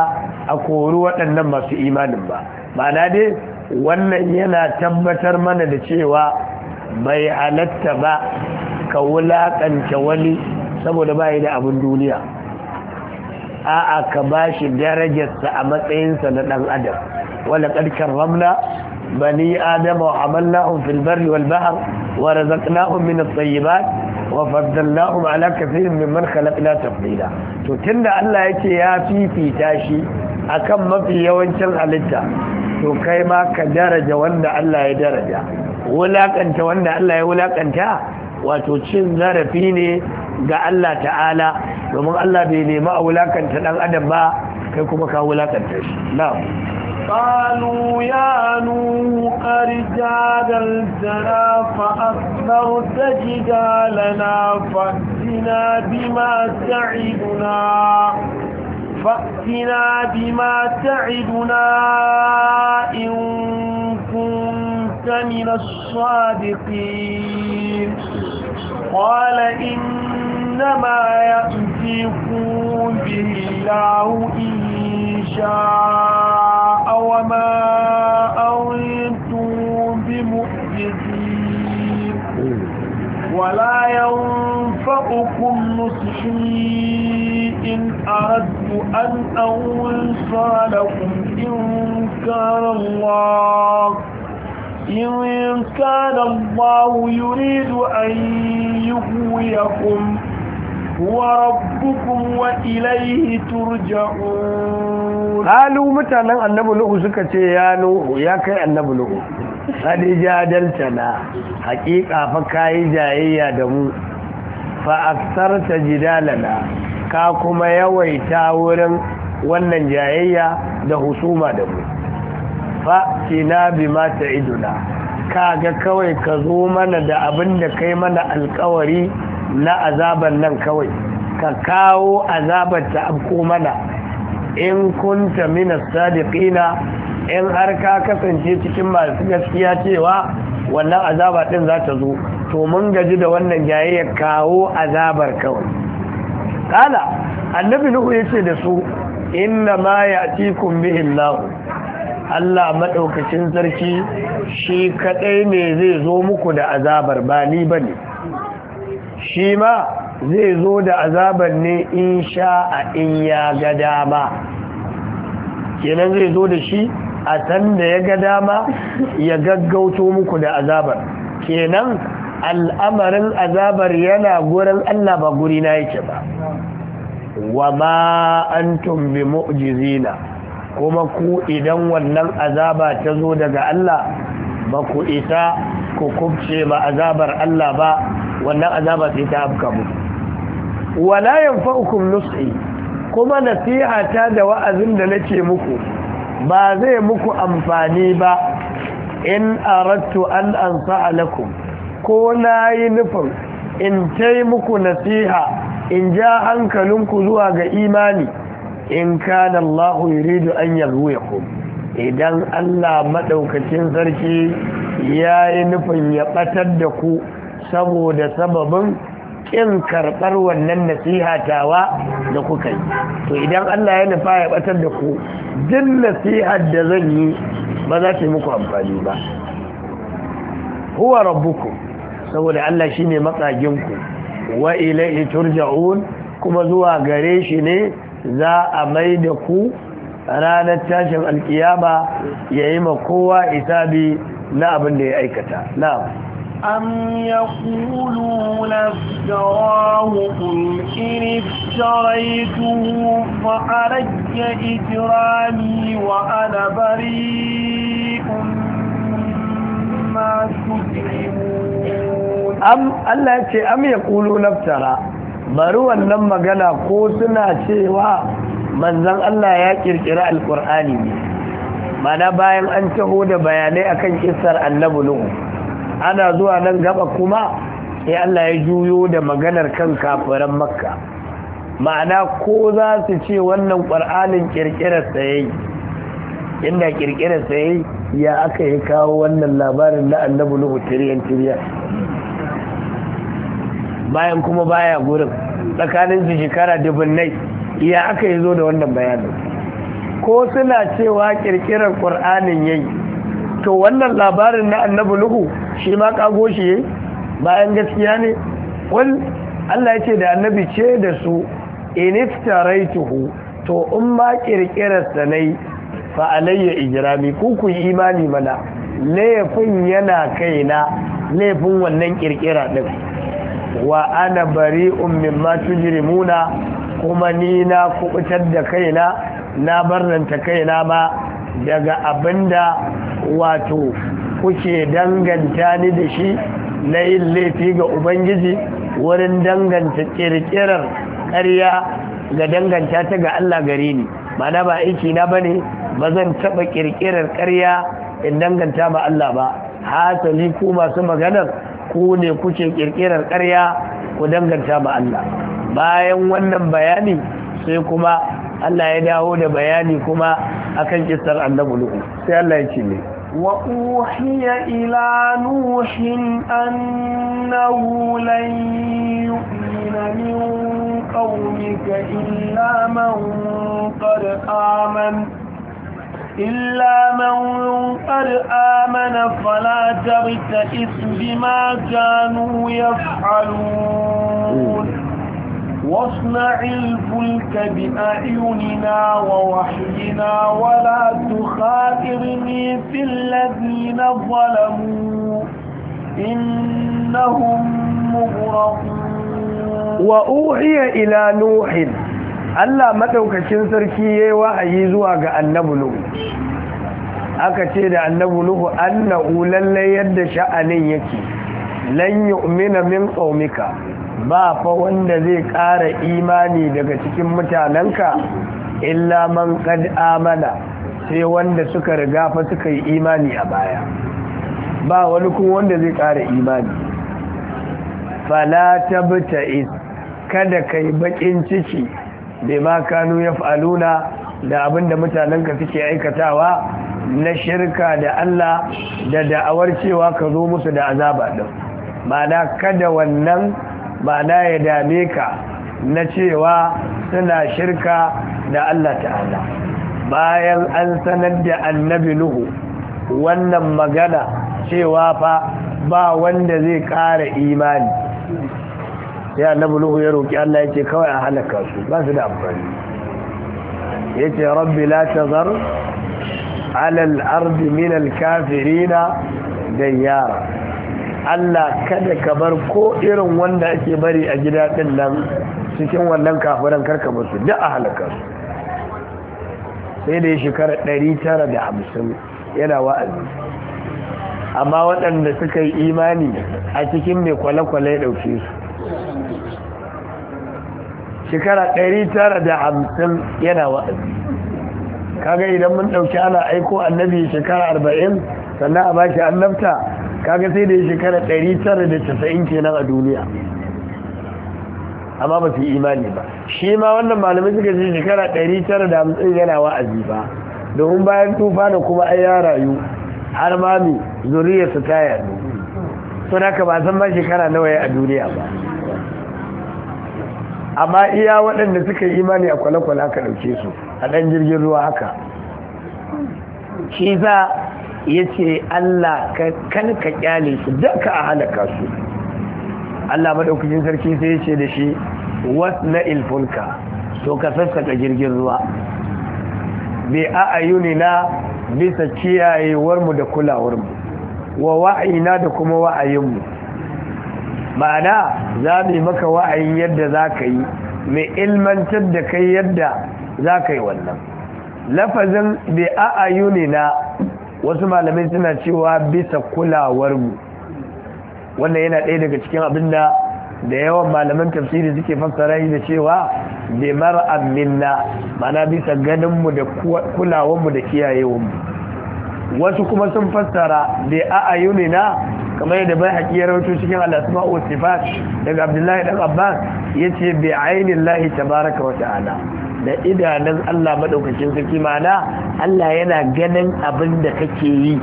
a kori waɗannan masu imanin ba ma'ana dai wannan yana tabbatar mana da cewa bai halatta ba ka wulaƙanta wani saboda bayi da abin duniya a'a ka ba shi darajarsa a matsayinsa na ɗan adam wala ƙarƙar ramna bani adama wa amallahun filbari wal bahar wa razaqnahum min at-tayyibat wa faddalnahum ala kathirin to tunda Allah ce ya fifita shi akan mafi yawancin halitta to kai ma ka daraja wanda Allah ya daraja wulakanta wanda Allah ya wulakanta wato cin zarafi ne ga Allah ta'ala domin Allah bai nemi a wulakanta ɗan adam ba kai kuma ka wulakanta shi na'am قالوا يا نوح أرجاد الجنا فأكبرت جدالنا فأتنا بما تعدنا فأتنا بما تعدنا إن كنت من الصادقين قال إنما يأتيكم به الله إن شاء وما أنتم بمؤجزين ولا ينفعكم نصحي إن أردت أن أنصى لكم إن كان الله إن كان الله يريد أن يهويكم هو ربكم وإليه ترجعون قالوا متى النبي نبلغ سكتي يا نوح يا كي أن نبلغ قد جادلتنا حقيقة فكاي جائية دمو فأكثرت جدالنا كاكما يويتا ورم wannan jayayya da husuma da Fa ma ta iduna kaga kawai ka zo mana da abin da kai mana alkawari na azaban nan kawai ka kawo azabar ta abko mana in kunta mina sadiqina in har ka kasance cikin masu gaskiya cewa wannan azaba din za ta zo to mun gaji da wannan ya kawo azabar kawai kala annabi nuhu yace da su inna ma ya'tikum bihi Allah Allah maɗaukacin sarki shi kaɗai ne zai zo muku da azabar ba ni ba ne shi ma zai zo da azabar ne in sha'a in ya ga dama kenan zai zo da shi a san da ya ga dama ya gaggauto muku da azabar kenan al'amarin azabar yana gurin Allah ba guri na yake ba wa ma bi mu'jizina kuma ku idan wannan azaba ta zo daga Allah ba ku isa ku kubce ba azabar Allah ba wannan azaba sai ta afka mu wala yanfa'ukum nus'i kuma nasiha ta da wa'azin da nake muku ba zai muku amfani ba in aradtu an ansa'a lakum ko nayi nufin in tai muku nasiha in ja hankalinku zuwa ga imani in kana Allah yuridu an ku idan Allah madaukakin sarki yayi nufin ya batar da ku saboda sababin ƙin karbar wannan nasiha tawa da kuka yi to idan Allah ya nufa ya ɓatar da ku din nasihar da zan yi ba za ta muku amfani ba huwa rabbukum saboda Allah shine matsaginku wa ilayhi turja'un kuma zuwa gare shi ne za a mai da ku ranar tashin alkiyama ya yi ma kowa bi na abin da ya aikata na am ya kulu na iri kulkiri sharaituhu fa'arajya ijirami wa ana bari masu Allah ce am ya kulu naftara bari wannan magana ko suna cewa manzan Allah ya kirkiri alkur'ani ne mana bayan an taho da bayanai akan kisar annabi nuhu ana zuwa nan gaba kuma sai Allah ya juyo da maganar kan kafiran makka ma'ana ko za su ce wannan ƙur'anin kirkirar sayayi inda kirkirar sayayi ya aka yi kawo wannan labarin na annabi nuhu tiriyan tiriyan bayan kuma baya gurin tsakanin su shekara dubunai iya aka yi zo da wannan bayanin ko suna cewa kirkirar ƙur'anin yayi to wannan labarin na annabi luhu shi ma kago shi yayi bayan gaskiya ne Wani Allah ya ce da annabi ce da su iniftaraituhu to in ma kirkirar sanai fa alayya ijrami ku ku imani mana laifin yana kaina laifin wannan kirkira ɗin. wa ana bari ummin matu tujrimuna kuma ni na kubutar da kaina na barranta kaina ba daga abinda wato kuke danganta ni da shi na yin laifi ga ubangiji wurin danganta kirkirar ƙarya ga danganta ta ga Allah gare ni mana ba aiki na ba ne ba zan taɓa kirkirar ƙarya in danganta ba Allah ba hasali ku masu maganar ku ne kuke kirkirar ƙarya ku danganta ba Allah bayan wannan bayani sai kuma Allah ya dawo da bayani kuma akan kisar annabu lu'u sai Allah ya ce ne wa uhiya ila nuhin annahu lan yu'mina min qawmika illa man qad amana إلا من قد آمن فلا تبتئس بما كانوا يفعلون واصنع الفلك بأعيننا ووحينا ولا تخاطرني في الذين ظلموا إنهم مغرقون وأوحي إلى نوح Allah madaukakin sarki yayi wa'ayi zuwa ga annabi aka ce da annabi nuhu annahu lalle yadda sha'anin yake lan yu'mina min qaumika ba fa wanda zai ƙara imani daga cikin mutanenka illa man qad amana sai wanda suka riga fa suka yi imani a baya ba wani kuma wanda zai ƙara imani fala tabta kada kai bakin ciki bai ma kanu ya fa'aluna da abinda mutanenka suke aikatawa na shirka da Allah da da'awar cewa ka zo musu da azaba ɗin ma'ana kada wannan ma'ana ya dame ka na cewa suna shirka da Allah ta'ala bayan an sanar da annabi Nuhu wannan magana cewa fa ba wanda zai ƙara imani sai annabi nuhu ya roki Allah yake kawai a halaka su ba su da amfani yace rabbi la tazar ala al-ard min al Allah kada ka bar ko irin wanda ake bari a gida din nan cikin wannan kafiran karka musu duk a halaka su sai da ya shekara 950 yana wa'azi amma waɗanda suka yi imani a cikin mai kwale-kwale ya ɗauke su shekara 950 yana wa'azi kaga idan mun dauki ana aiko annabi shekara 40 sannan a baki annabta kaga sai da shekara 990 kenan a duniya amma ba su yi imani ba shi ma wannan malamai suka ce shekara 950 yana wa'azi ba domin bayan tufa da kuma ai ya rayu har ma mai zuriyarsa ta yadu sun haka ba san ma shekara nawa ya a duniya ba amma iya waɗanda suka yi imani a kwale-kwale aka ɗauke su a ɗan jirgin ruwa haka shi za ya ce Allah kan ka kyale su duka a halaka su Allah maɗaukacin sarki sai ya ce da shi na ilfulka to ka sassaka jirgin ruwa bai a ayuni na bisa kiyayewarmu da kulawarmu wa wa'ina da kuma wa'ayinmu ma'ana za mu maka wa'ayin yadda za ka yi mai ilmantar da kai yadda za ka yi wannan lafazin bi a'ayuni na wasu malamai suna cewa bisa kulawarmu wannan yana ɗaya daga cikin abin da da yawan malaman tafsiri suke fassara shi da cewa bi mar'an minna mana bisa ganinmu da kulawarmu da kiyayewarmu wasu kuma sun fassara bi a'ayuni na kamar yadda bai haƙi ya rawato cikin alasuma wa sifat daga abdullahi dan abbas ya ce bai ainihin lahi tabaraka wa ta'ala da idanun allah maɗaukakin sarki ma'ana allah yana ganin abin da kake yi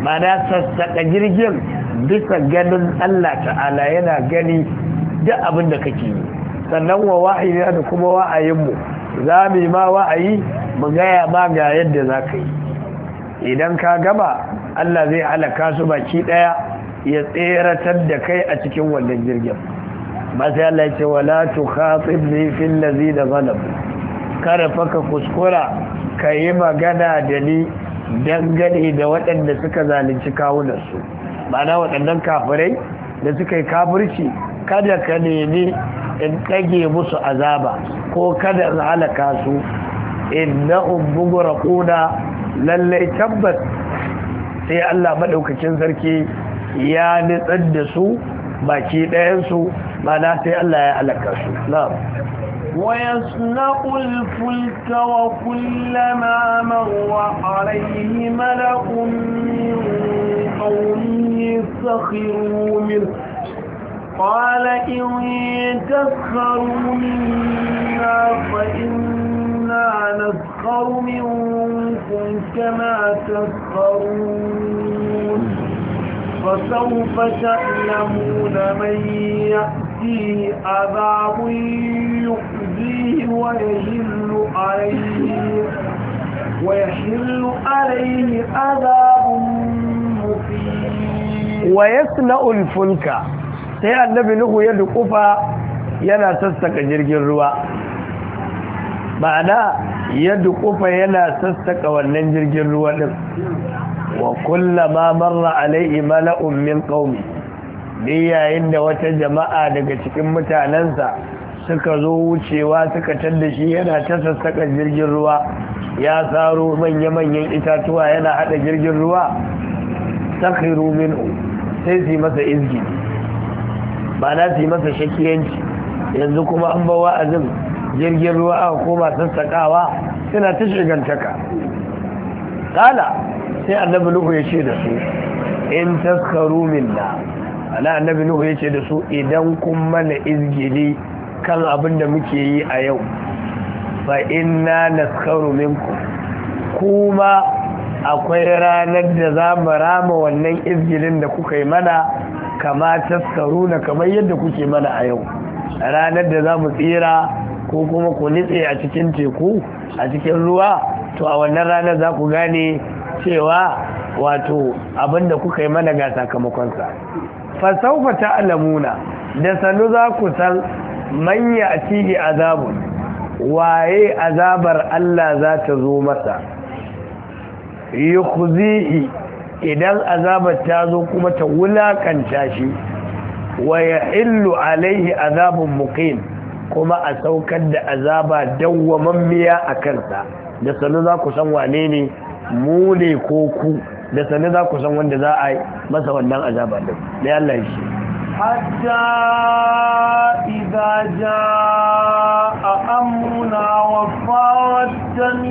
mana sassaƙa jirgin bisa ganin allah ta'ala yana gani duk abin da kake yi sannan wa wa'ayi da kuma wa'ayinmu za mu yi ma wa'ayi mu gaya ma ga yadda za ka yi idan ka gama Allah zai halaka su baki daya ya tseratar da kai a cikin wannan jirgin ba sai Allah ya ce wala tukhatibni fil ladina zalamu kada faka kuskura kai magana da ni dangane da waɗanda suka zalunci kawunansu ma'ana waɗannan kafirai da suka yi kafirci kada ka nemi in ɗage musu azaba ko kada in halaka su innahum umbugu lallai tabbas sai Allah maɗaukakin sarki ya nitsar da su baki ɗayansu na sai Allah ya halaka su na'am ويصنع الفلك وكلما مر عليه ملأ من قومه سخروا منه قال إن تسخروا منا نسخر منكم كما تسخرون فسوف تعلمون من يأتيه أباب يخزيه ويهل عليه ويحل عليه أباب مقيم الفلك sai النبي nuhu ya dukufa yana sassaka jirgin ruwa ma'ana yadda kufa yana sassaka wannan jirgin ruwa din wa kullama marra alaihi mala'un min qaumi yayin da wata jama'a daga cikin mutanensa suka zo wucewa suka tanda shi yana ta sassaka jirgin ruwa ya saro manya-manyan itatuwa yana haɗa jirgin ruwa sakhiru sai su masa izgi ba na su masa shakiyanci yanzu kuma an ba wa'azin jirgin ruwa aka koma sassakawa suna ta shigantaka ƙala sai annabi nuhu ya ce da su in taskaru minna ala annabi nuhu ya ce da su idan kun mana izgili kan abin da muke yi a yau fa na naskaru ku. kuma akwai ranar da za mu rama wannan izgilin da kuka yi mana kama taskaru na kamar yadda kuke mana a yau ranar da za mu tsira ko kuma ku nitse a cikin teku a cikin ruwa to a wannan ranar za ku gane cewa wato abinda kuka yi mana ga sakamakonsa fasaufa ta alamuna da sanu za ku san manya a cibi azabun waye azabar Allah za ta zo masa yukhzihi idan azabar ta zo kuma ta wulakanta shi waya Illu alaihi azabun muqim kuma a saukar da azaba miya a kansa da sanu za ku san wane ne mu ne ko ku da sanu za ku san wanda za a masa wannan azaba da da Allah shi hatta idza jaa amuna wa fawatan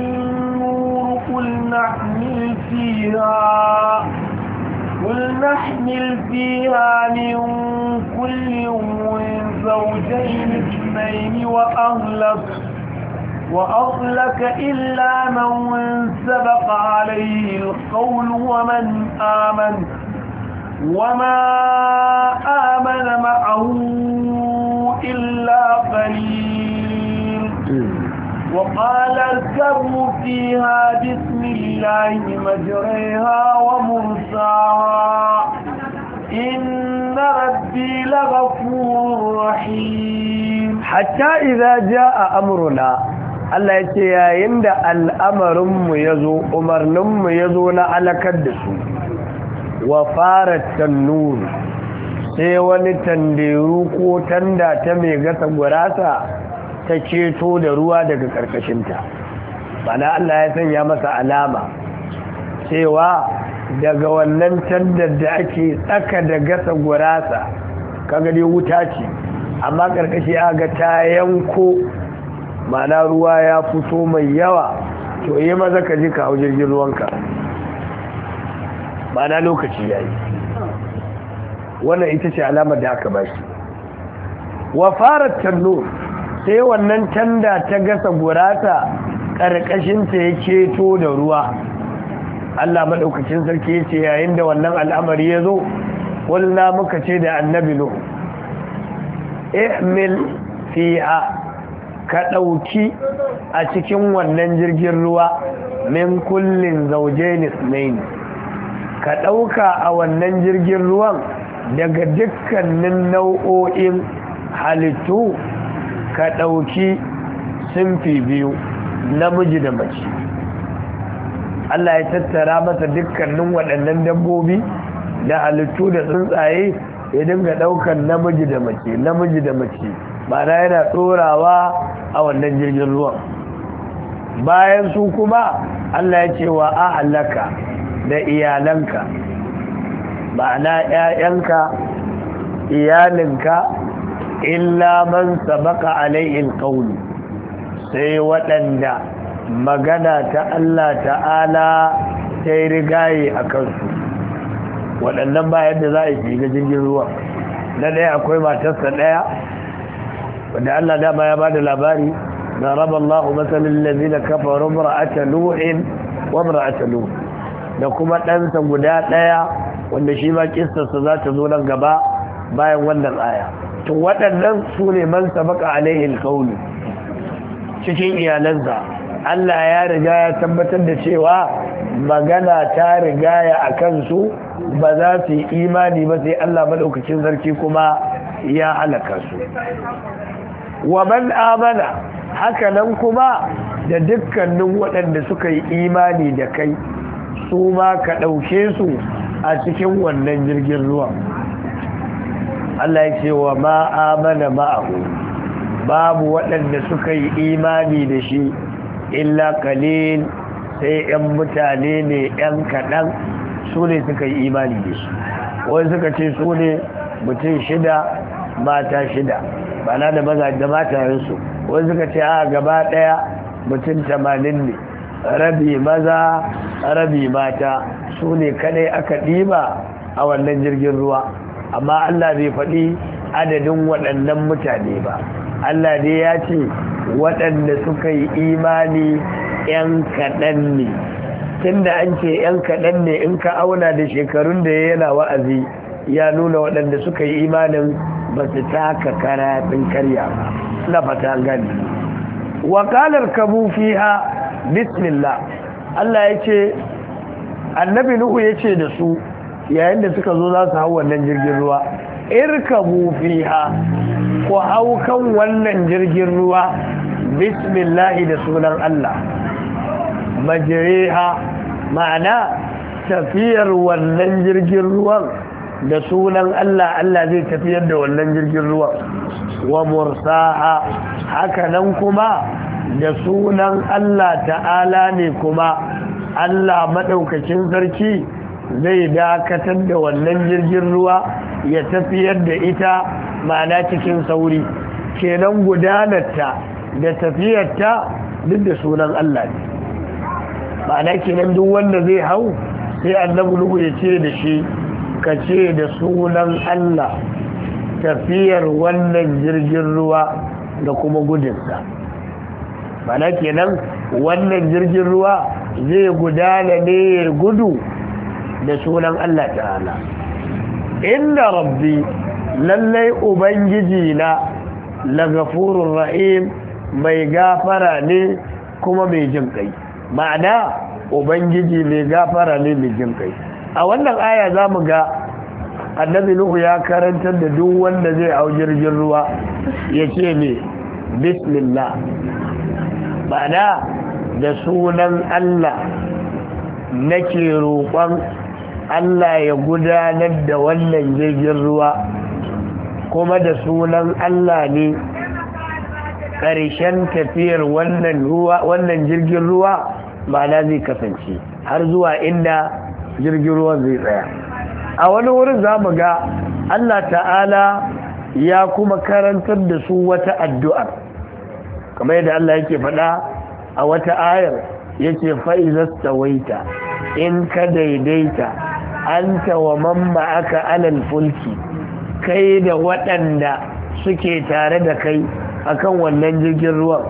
nur qulna min fiha قل نحمل فيها من كل الزوجين اثنين وأهلك وأغلق إلا من سبق عليه القول ومن آمن وما آمن معه إلا قليل وقال الكرم فيها بسم الله مجريها ومرساها إن إن ربي لغفور رحيم حتى إذا جاء أمرنا Allah ya ce yayin da al'amarinmu ya zo, umarninmu ya zo na alakar da su, wa fara tannuru, sai wani tandiru ko tanda ta mai gasa gurasa ta ceto da ruwa daga ƙarƙashinta. Bana Allah ya sanya masa alama, cewa daga wannan tandar da ake tsaka da gasa gurasa kaga dai wuta ce amma karkashi aga ta yanko mana ruwa ya fito mai yawa to yi maza ka ji ka hau jirgin ruwanka mana lokaci ya yi wannan ita ce alamar da aka ba shi wa fara tallo sai wannan tanda ta gasa gurasa karkashinta ya keto da ruwa Allah maɗaukacin sarki yace yayin da wannan al'amari ya zo kulna muka ce da annabi lo, ihmil fiha ka ɗauki a cikin wannan jirgin ruwa min kullin zawjayn ithnayn ka dauka a wannan jirgin ruwan daga dukkanin nau'o'in halittu ka dauki sunfi biyu namiji da mace Allah ya tattara masa dukkanin waɗannan dabbobi da halittu da tsuntsaye ya dinga ɗaukar namiji da mace namiji da mace ma'ana yana tsorawa a wannan jirgin ruwan bayan su kuma Allah ya ce wa halaka da iyalanka ma'ana 'ya'yanka iyalinka illa man sabaka alai'in alqawlu sai waɗanda magana ta Allah ta'ala ta yi rigaye a kansu waɗannan ba yadda za a yi ga jirgin ruwa na ɗaya akwai matarsa ɗaya wadda Allah dama ya ba da labari na raba Allah matsalin lalzi da kafa rumra a talu'in wamra a talu da kuma ɗansa guda ɗaya wanda shi ma kistarsa za ta zo nan gaba bayan wannan aya to waɗannan su ne man sabaka alaihin kauli cikin iyalansa Allah ya riga ya tabbatar da cewa magana ta rigaya a kansu ba za su yi imani ba sai Allah maɗaukacin sarki kuma ya halaka su wa man amana haka nan kuma da dukkanin waɗanda suka yi imani da kai su ma ka ɗauke su a cikin wannan jirgin ruwan Allah ya ce wa ma amana ma'ahu babu waɗanda suka yi imani da shi illa kalil sai 'yan mutane ne 'yan kaɗan su ne suka yi imani da su wani suka ce su ne mutum shida mata shida ba na da maza da yansu wani suka ce a gaba ɗaya mutum tamanin ne rabi maza rabi mata su ne kadai aka ɗiba a wannan jirgin ruwa amma allah bai faɗi adadin waɗannan mutane ba allah dai ya ce waɗanda suka yi imani 'yan kaɗan ne tunda an ce 'yan kaɗan ne in ka auna da shekarun da ya yana wa'azi ya nuna waɗanda suka yi imanin ba su taka ɗin karya ba na fata gani wakalar kabu fiha bismillah Allah ya ce annabi nuhu ya ce da su yayin da suka zo za su hau wannan jirgin ruwa irkabu fiha ku hau kan wannan jirgin ruwa bismillahi da sunan Allah majriha ma'ana tafiyar wannan jirgin ruwan da sunan Allah Allah zai tafiyar da wannan jirgin ruwan wa mursaha haka nan kuma da sunan Allah ta'ala ne kuma Allah maɗaukacin sarki zai dakatar da wannan jirgin ruwa ya tafiyar da ita ma'ana cikin sauri kenan gudanarta da tafiyarta duk da sunan Allah ne ma'ana kenan duk wanda zai hau sai annabi nuhu ya ce da shi ka ce da sunan Allah tafiyar wannan jirgin ruwa da kuma gudunsa ma'ana kenan wannan jirgin ruwa zai gudana ne gudu da sunan Allah ta'ala inda rabbi lallai ubangiji na lagafurun ra'im mai gafara ne kuma mai jin kai ma'ana ubangiji mai gafara ne mai jin kai a wannan aya za mu ga annabi nuhu ya karantar da duk wanda zai hau jirgin ruwa ya ce ne bismillah ma'ana da sunan allah nake roƙon Allah ya gudanar da wannan jirgin ruwa kuma da sunan Allah ne ƙarshen tafiyar wannan jirgin ruwa ma'ana zai kasance har zuwa inda jirgin ruwan zai tsaya a wani wurin za mu ga Allah ta'ala ya kuma karantar da su wata addu'ar kamar yadda Allah yake faɗa a wata ayar yake fa'izasta waita in ka daidaita anta wa man anan alal fulki kai da waɗanda suke tare da kai akan wannan jirgin ruwan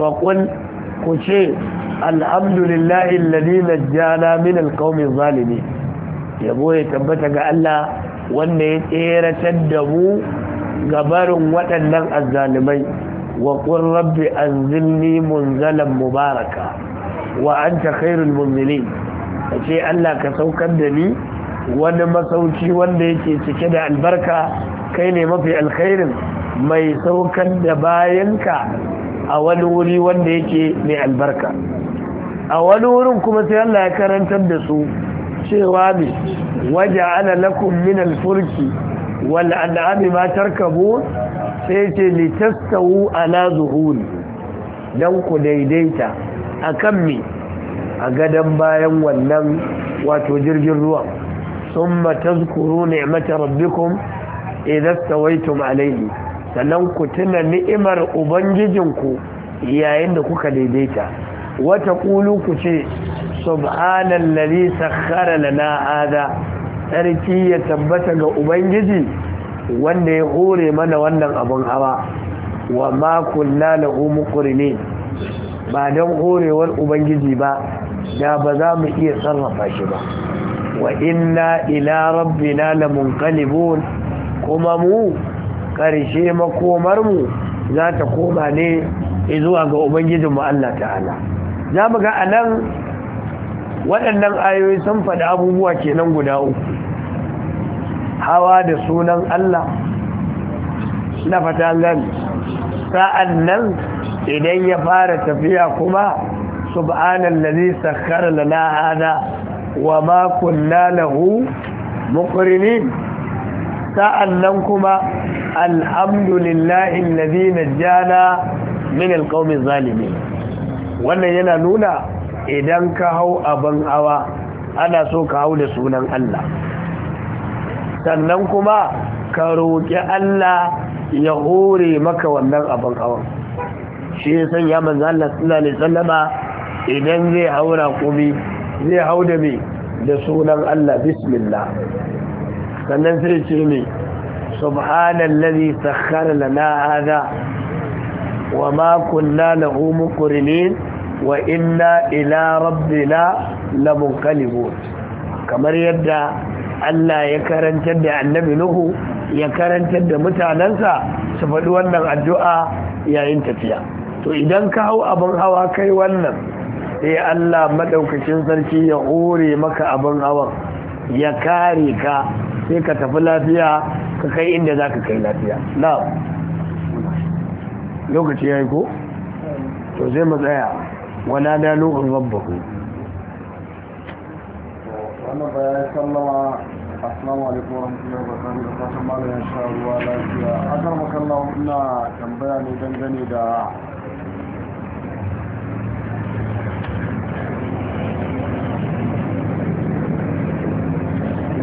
faƙul ku ce alhamdulillahi alladhi jana min alqawmi zalimin yabo ya tabbata ga Allah wanda ya tseratar da mu gabarin waɗannan azzalimai wa qur rabbi anzilni munzalan mubaraka wa anta khairul a ce Allah ka saukar da ni wani masauki wanda yake cike da albarka kai ne mafi alkhairin mai saukar da bayanka a wani wuri wanda yake mai albarka a wani wurin kuma sai Allah ya karantar da su cewa ne waje ana lakum min alfulki wal an'ami ma tarkabu sai ce litastawu ala zuhuri dan ku daidaita akan mi a gadon bayan wannan wato jirgin ruwan ثم تذكروا نعمة ربكم إذا استويتم عليه sannan ku tuna ni'imar ubangijinku yayin da kuka daidaita wata kulu ku ce subhanan lalli lana sarki ya tabbata ga ubangiji wanda ya hore mana wannan abun hawa wa ma kunna lahu muqrinin ba don horewar ubangiji ba da ba za mu iya sarrafa shi ba wa inna ila rabbina lamunqalibun kuma mu karshe makomar mu za ta koma ne zuwa ga ubangijin mu Allah ta'ala za mu ga anan waɗannan ayoyi sun faɗi abubuwa kenan guda uku hawa da sunan Allah na fata gani sa'an nan idan ya fara tafiya kuma subhanan lalisa kar lana hada wa ma kunna lahu muqrinin sa'annan kuma alhamdulillahi allazi najjana min alqawmi zalimin wannan yana nuna idan ka hau abin hawa ana so ka hau da sunan Allah sannan kuma ka roƙi Allah ya hore maka wannan abin hawan shi ya sanya manzo Allah sallallahu alaihi wasallama idan zai haura kubi zai hau da mai da sunan Allah bismillah sannan sai ce mai subhanallazi sakhkhara lana hada wa ma kunna lahu wa inna ila rabbina lamunqalibun kamar yadda Allah ya karantar da annabi Nuhu ya karantar da mutanensa su faɗi wannan addu'a yayin tafiya to idan ka hau abin hawa kai wannan sai Allah maɗaukacin sarki ya hore maka abin hawan ya kare ka sai ka tafi lafiya ka kai inda za ka kai lafiya na lokaci ya yi ko? to sai mu tsaya wana da lokacin rabbaku wannan bayan sallama assalamu alaikum warahmatullahi wabarakatuh da fatan ya sha ruwa lafiya a akar makallawa ina tambaya ne dangane da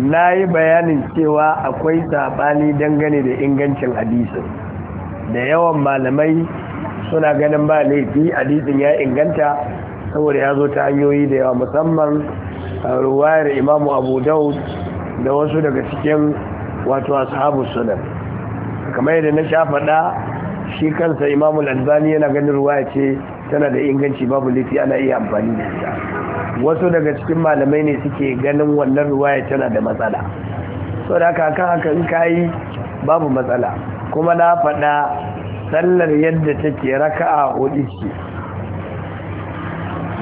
na yi bayanin cewa akwai saɓani dangane da ingancin hadisin da yawan malamai suna ganin ba laifi hadisun ya inganta saboda ya zo ta hanyoyi da yawa musamman ruwayar imamu abu daud da wasu daga cikin wato ashabu sunan kamar yadda na sha faɗa shi kansa imamu albani yana ganin ruwaya ce tana da inganci babu laifi ana iya amfani da ita wasu daga cikin malamai ne suke ganin wannan ruwaya tana da matsala so da haka kan haka in kayi babu matsala kuma na faɗa sallar yadda take raka'a hudu ce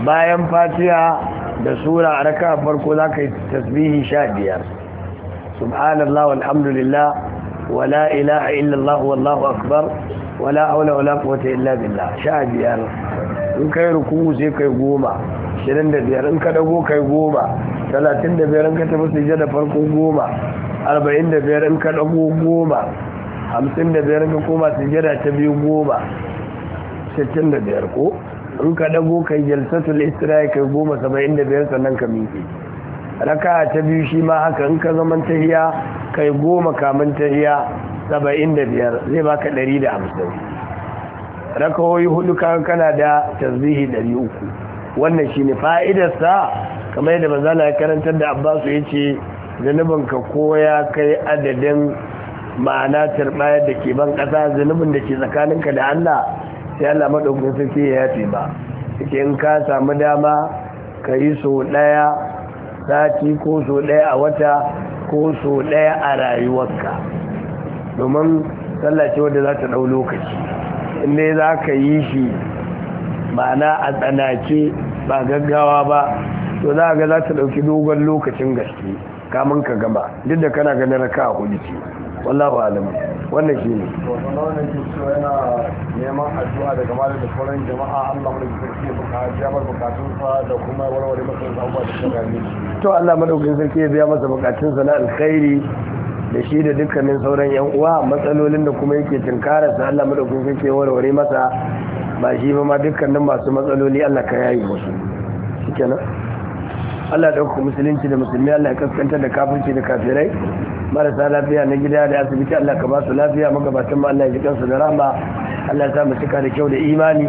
bayan fatiha da sura a raka'a farko za ka yi tasbihi sha biyar subhanallah walhamdulillah wala ilaha illallah wallahu akbar wala aula wala quwwata illa billah sha biyar in kai ruku sai kai goma shirin da biyar in ka dago kai goma talatin da biyar in ka tafi sujja da farko goma arba'in da biyar in ka dago goma hamsin da biyar in ka koma sujjada ta biyu goma sittin da biyar ko in ka dago kai jalsatul isra'i kai goma saba'in da biyar sannan ka miƙe raka ta biyu shi ma haka in ka zaman tahiya kai goma kamun tahiya saba'in da biyar zai baka ɗari da hamsin rakawoyi hudu kan kana da tasbihi ɗari uku wannan shi ne fa'idarsa kamar yadda manzala ya karantar da abbasu ya ce ka koya kai adadin ma'ana turbayar da ke ban ƙasa zunubin da ke tsakaninka da allah sai allah maɗaukin ke ya yafi ba ike in ka samu dama ka yi so ɗaya sati ko so ɗaya a wata ko so ɗaya a rayuwarka domin sallah ce wadda za ta ɗau lokaci inda za ka yi shi ma'ana a tsanace ba gaggawa ba to za ga za ta ɗauki dogon lokacin gaske kamun ka gama duk da kana ganin raka a hudu ce wallahu alam wannan shi ne da ke yana neman addu'a daga malam da sauran jama'a Allah mu ya bar biya bukatunsa da kuma warware masa da abubuwa da shi to Allah madaukakin sarki ya biya masa bukatunsa na alkhairi da shi da dukkanin sauran yan uwa matsalolin da kuma yake tunkararsa Allah madaukakin sarki ya warware masa ba shi ba ma dukkanin masu matsaloli Allah ka yayi musu nan? Allah da ku musulunci da musulmi Allah ya kaskanta da kafirci da kafirai marasa lafiya na gida da asibiti Allah ka ba su lafiya magabatan ma Allah ya ji su da rahma Allah ya sa mu cika da kyau da imani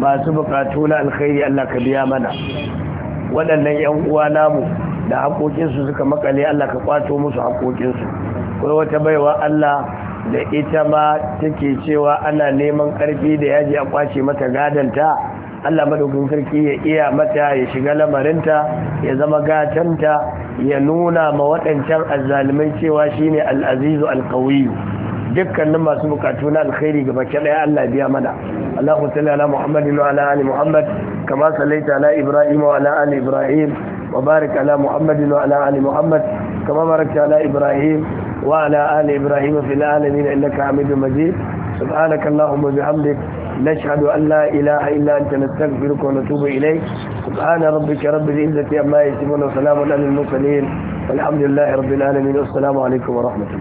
masu bukatu na alkhairi Allah ka biya mana waɗannan yan uwa namu da haƙoƙinsu suka makale Allah ka kwato musu haƙoƙinsu kuma wata baiwa Allah da ita ma take cewa ana neman karfi da yaji a kwace mata gadanta Allah madaukin sarki ya iya mata ya shiga lamarinta ya zama gatanta ya nuna ma waɗancan azzalimai cewa shine al-azizu al dukkanin masu bukatu na alkhairi ga baki daya Allah biya mana Allahu salli ala Muhammadin wa ala ali Muhammad kama sallaita ala Ibrahim wa ala ali Ibrahim wa barik ala Muhammadin wa ala ali Muhammad kama barakta ala Ibrahim وعلى آل إبراهيم في العالمين إنك حميد مجيد سبحانك اللهم وبحمدك نشهد أن لا إله إلا أنت نستغفرك ونتوب إليك سبحان ربك رب العزة عما يسمون وسلام على المرسلين والحمد لله رب العالمين والسلام عليكم ورحمة الله